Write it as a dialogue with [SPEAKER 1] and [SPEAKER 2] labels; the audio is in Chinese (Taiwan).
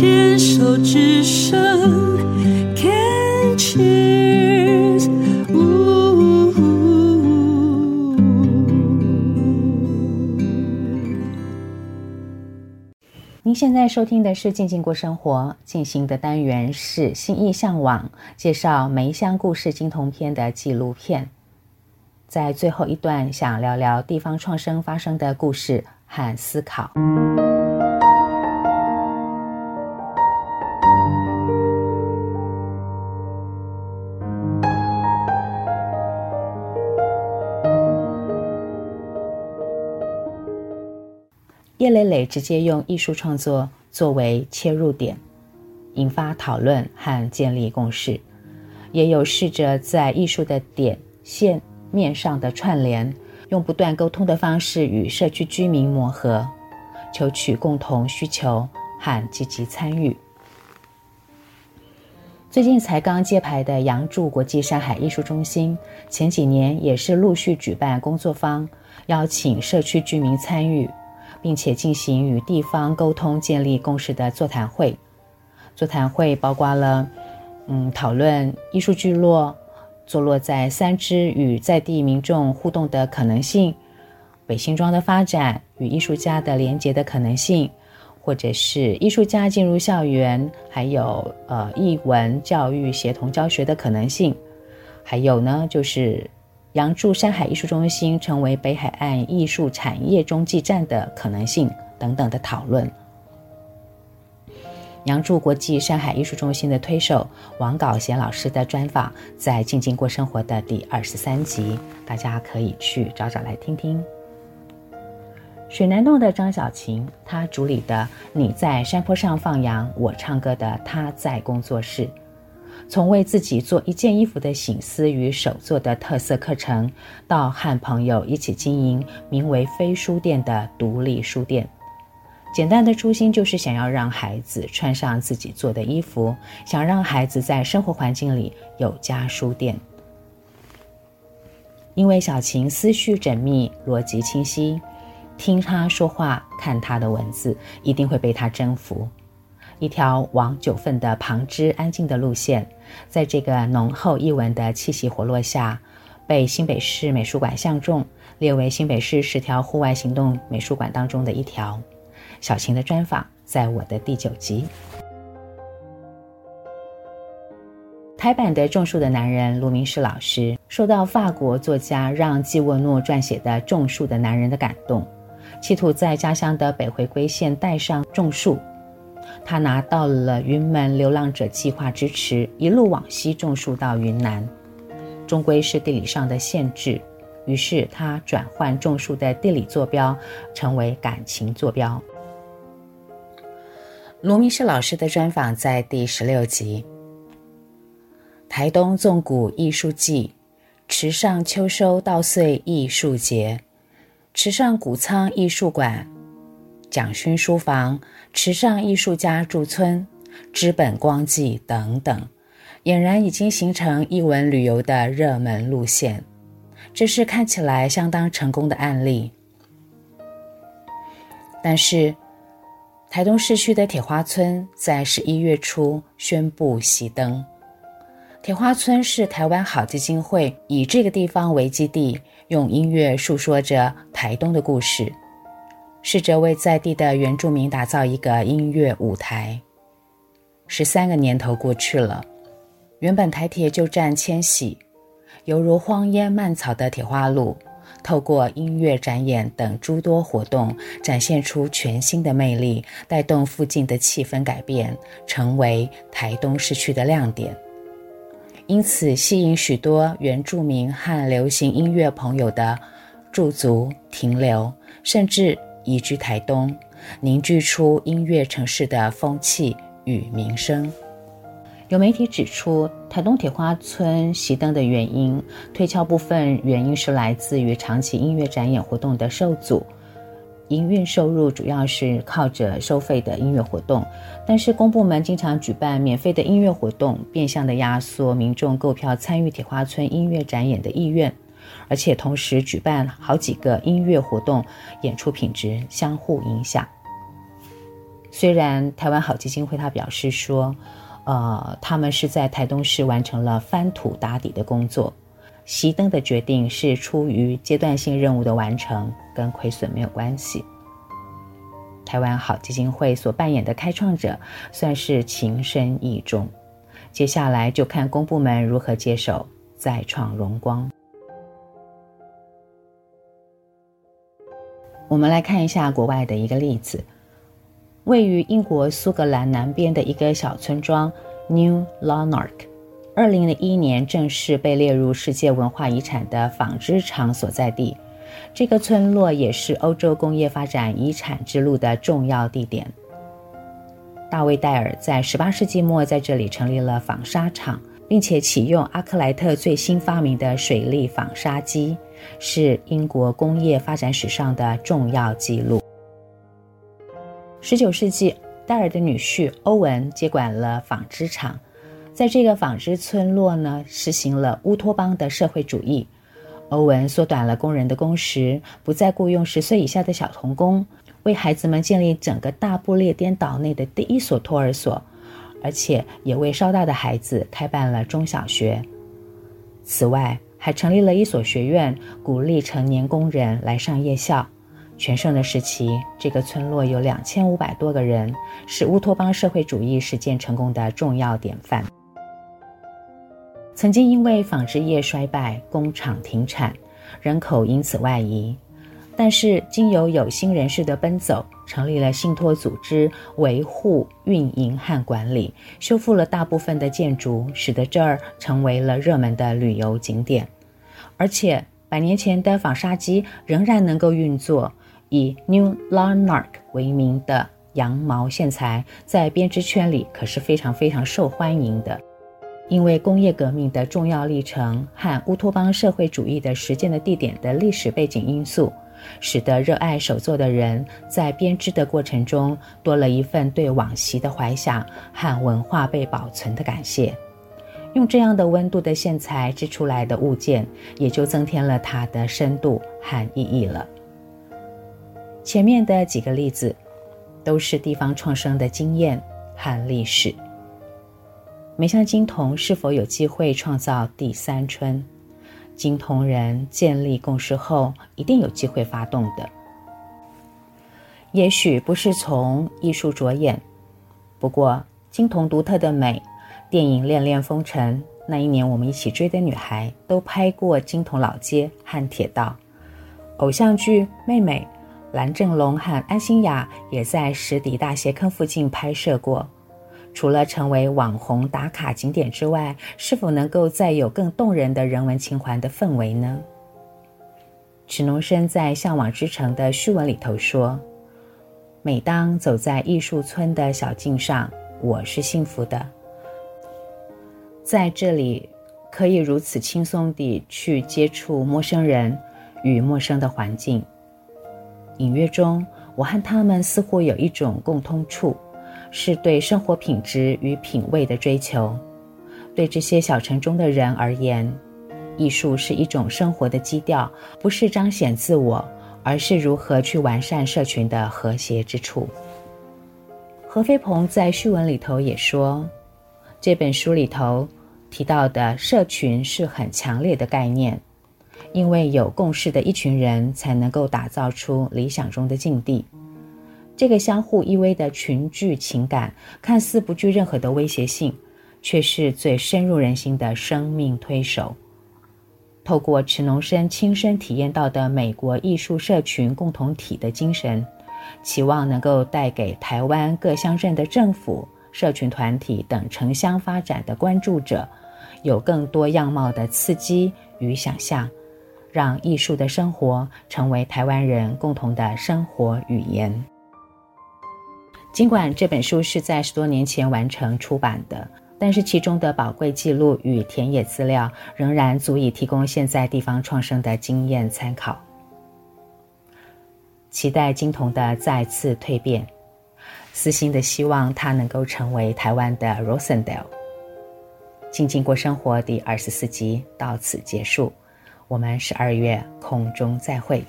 [SPEAKER 1] 牽手之聲，Can cheers，您現在收聽的是《靜靜過生活》進行的單元是“心藝嚮往”，介紹梅香故事菁桐篇的紀錄片。在最後一段，想聊聊地方創生發生的故事和思考。葉蕾蕾直接用藝術創作作為切入點，引發討論和建立共識；也有試着在藝術的點、線、面上的串聯，用不斷溝通的方式與社區居民磨合，求取共同需求和積極參與。最近才剛揭牌的陽住國際山海藝術中心，前幾年也是陸續舉辦工作坊，邀請社區居民參與。並且進行與地方溝通、建立共識的座談會。座談會包括了，嗯，討論藝術聚落坐落在三芝與在地民眾互動的可能性，北新莊的發展與藝術家的連結的可能性，或者是藝術家進入校園，還有呃藝文教育協同教學的可能性，還有呢就是。楊柱山海藝術中心成為北海岸藝術產業中繼站的可能性等等的討論。陽住國際山海藝術中心的推手王藁賢老師的專訪，在《靜靜過生活》的第二十三集，大家可以去找找來聽聽。水湳洞的張曉晴，她主理的“你在山坡上放羊，我唱歌的他在工作室”。從為自己做一件衣服的省思與手作的特色課程，到和朋友一起經營名為“非書店”的獨立書店，簡單的初心就是想要讓孩子穿上自己做的衣服，想讓孩子在生活環境裡有家書店。因為小晴思緒縝密，邏輯清晰，聽她說話，看她的文字，一定會被她徵服。一條往九份的旁枝，安靜的路線，在這個濃厚藝文的氣息活絡下，被新北市美術館相中，列為新北市十條戶外行動美術館當中的一條。曉晴的專訪在我的第九集。台版的《種樹的男人》盧銘世老師受到法國作家讓·季沃諾撰寫的《種樹的男人》的感動，企圖在家鄉的北回歸線帶上種樹。他拿到了雲門流浪者計劃支持，一路往西種樹到雲南，終歸是地理上的限制。於是他轉換種樹的地理坐標，成為感情坐標。盧銘世老師的專訪在第十六集。台東縱谷藝術季、池上秋收稻穗藝術節、池上穀倉藝術館。蔣勳書房、池上藝術家駐村、知本光記等等，儼然已經形成藝文旅遊的熱門路線，這是看起來相當成功的案例。但是，台東市區的鐵花村在十一月初宣布熄燈。鐵花村是台灣好基金會以這個地方為基地，用音樂訴說着台東的故事。試着為在地的原住民打造一個音樂舞台。十三個年頭過去了，原本台鐵舊站遷徙，猶如荒煙蔓草的鐵花路，透過音樂展演等諸多活動，展現出全新的魅力，帶動附近的氣氛改變，成為台東市區的亮點。因此，吸引許多原住民和流行音樂朋友的駐足停留，甚至，移居台東，凝聚出音樂城市的風氣與名聲。有媒體指出，台東鐵花村熄燈的原因，推敲部分原因是來自於長期音樂展演活動的受阻，營運收入主要是靠着收費的音樂活動，但是公部門經常舉辦免費的音樂活動，變相的壓縮民眾購票參與鐵花村音樂展演的意願。而且同時舉辦好幾個音樂活動，演出品質相互影響。雖然台灣好基金會他表示說，呃，他們是在台東市完成了翻土打底的工作，熄燈的決定是出於階段性任務的完成，跟虧損沒有關係。台灣好基金會所扮演的開創者，算是情深義重。接下來就看公部門如何接手，再創榮光。我們來看一下國外的一個例子，位於英國蘇格蘭南邊的一個小村莊 New Lanark，二零零一年正式被列入世界文化遺產的紡織廠所在地。這個村落也是歐洲工業發展遺產之路的重要地點。大衛戴爾在十八世紀末在這裡成立了紡紗廠。並且啟用阿克萊特最新發明的水力紡紗機，是英國工業發展史上的重要記錄。十九世紀，戴爾的女婿歐文接管了紡織廠，在這個紡織村落呢，實行了烏托邦的社會主義。歐文縮短了工人的工時，不再雇傭十歲以下的小童工，為孩子們建立整個大不列顛島內的第一所托兒所。而且也為稍大的孩子開辦了中小學，此外還成立了一所學院，鼓勵成年工人來上夜校。全盛的時期，這個村落有兩千五百多個人，是烏托邦社會主義實踐成功的重要典範。曾經因為紡織業衰敗，工廠停產，人口因此外移。但是，經由有心人士的奔走，成立了信托組織，維護、運營和管理，修復了大部分的建築，使得這兒成為了熱門的旅遊景點。而且，百年前的紡紗機仍然能夠運作。以 New Lanark 為名的羊毛線材，在編織圈裡可是非常非常受歡迎的，因為工業革命的重要歷程和烏托邦社會主義的實踐的地點的歷史背景因素。使得熱愛手作的人在編織的過程中多了一份對往昔的懷想和文化被保存的感謝。用這樣的溫度的線材織出來的物件，也就增添了它的深度和意義了。前面的幾個例子，都是地方創生的經驗和歷史。煤鄉菁桐是否有機會創造第三春？菁桐人建立共識後，一定有機會發動的。也許不是從藝術着眼，不過菁桐獨特的美，電影《戀戀風塵》、那一年我們一起追的女孩都拍過菁桐老街和鐵道，偶像劇《妹妹》，藍正龍和安心亞也在石底大斜坑附近拍攝過。除了成為網紅打卡景點之外，是否能夠再有更動人的人文情懷的氛圍呢？池農生在《嚮往之城》的序文裡頭說：“每當走在藝術村的小徑上，我是幸福的，在這裡可以如此輕鬆地去接觸陌生人與陌生的環境。隱約中，我和他們似乎有一種共通處。”是對生活品質與品味的追求。對這些小城中的人而言，藝術是一種生活的基調，不是彰顯自我，而是如何去完善社群的和諧之處。何飛鵬在序文裡頭也說，這本書裡頭提到的社群是很強烈的概念，因為有共識的一群人才能夠打造出理想中的境地。這個相互依偎的群聚情感，看似不具任何的威脅性，卻是最深入人心的生命推手。透過池農生親身體驗到的美國藝術社群共同體的精神，期望能夠帶給台灣各鄉鎮的政府、社群團體等城鄉發展的關注者，有更多樣貌的刺激與想象，讓藝術的生活成為台灣人共同的生活語言。儘管這本書是在十多年前完成出版的，但是其中的寶貴記錄與田野資料仍然足以提供現在地方創生的經驗參考。期待菁桐的再次蛻變，私心的希望他能夠成為台灣的 Rosendale。靜靜過生活第二十四集到此結束，我們十二月空中再會。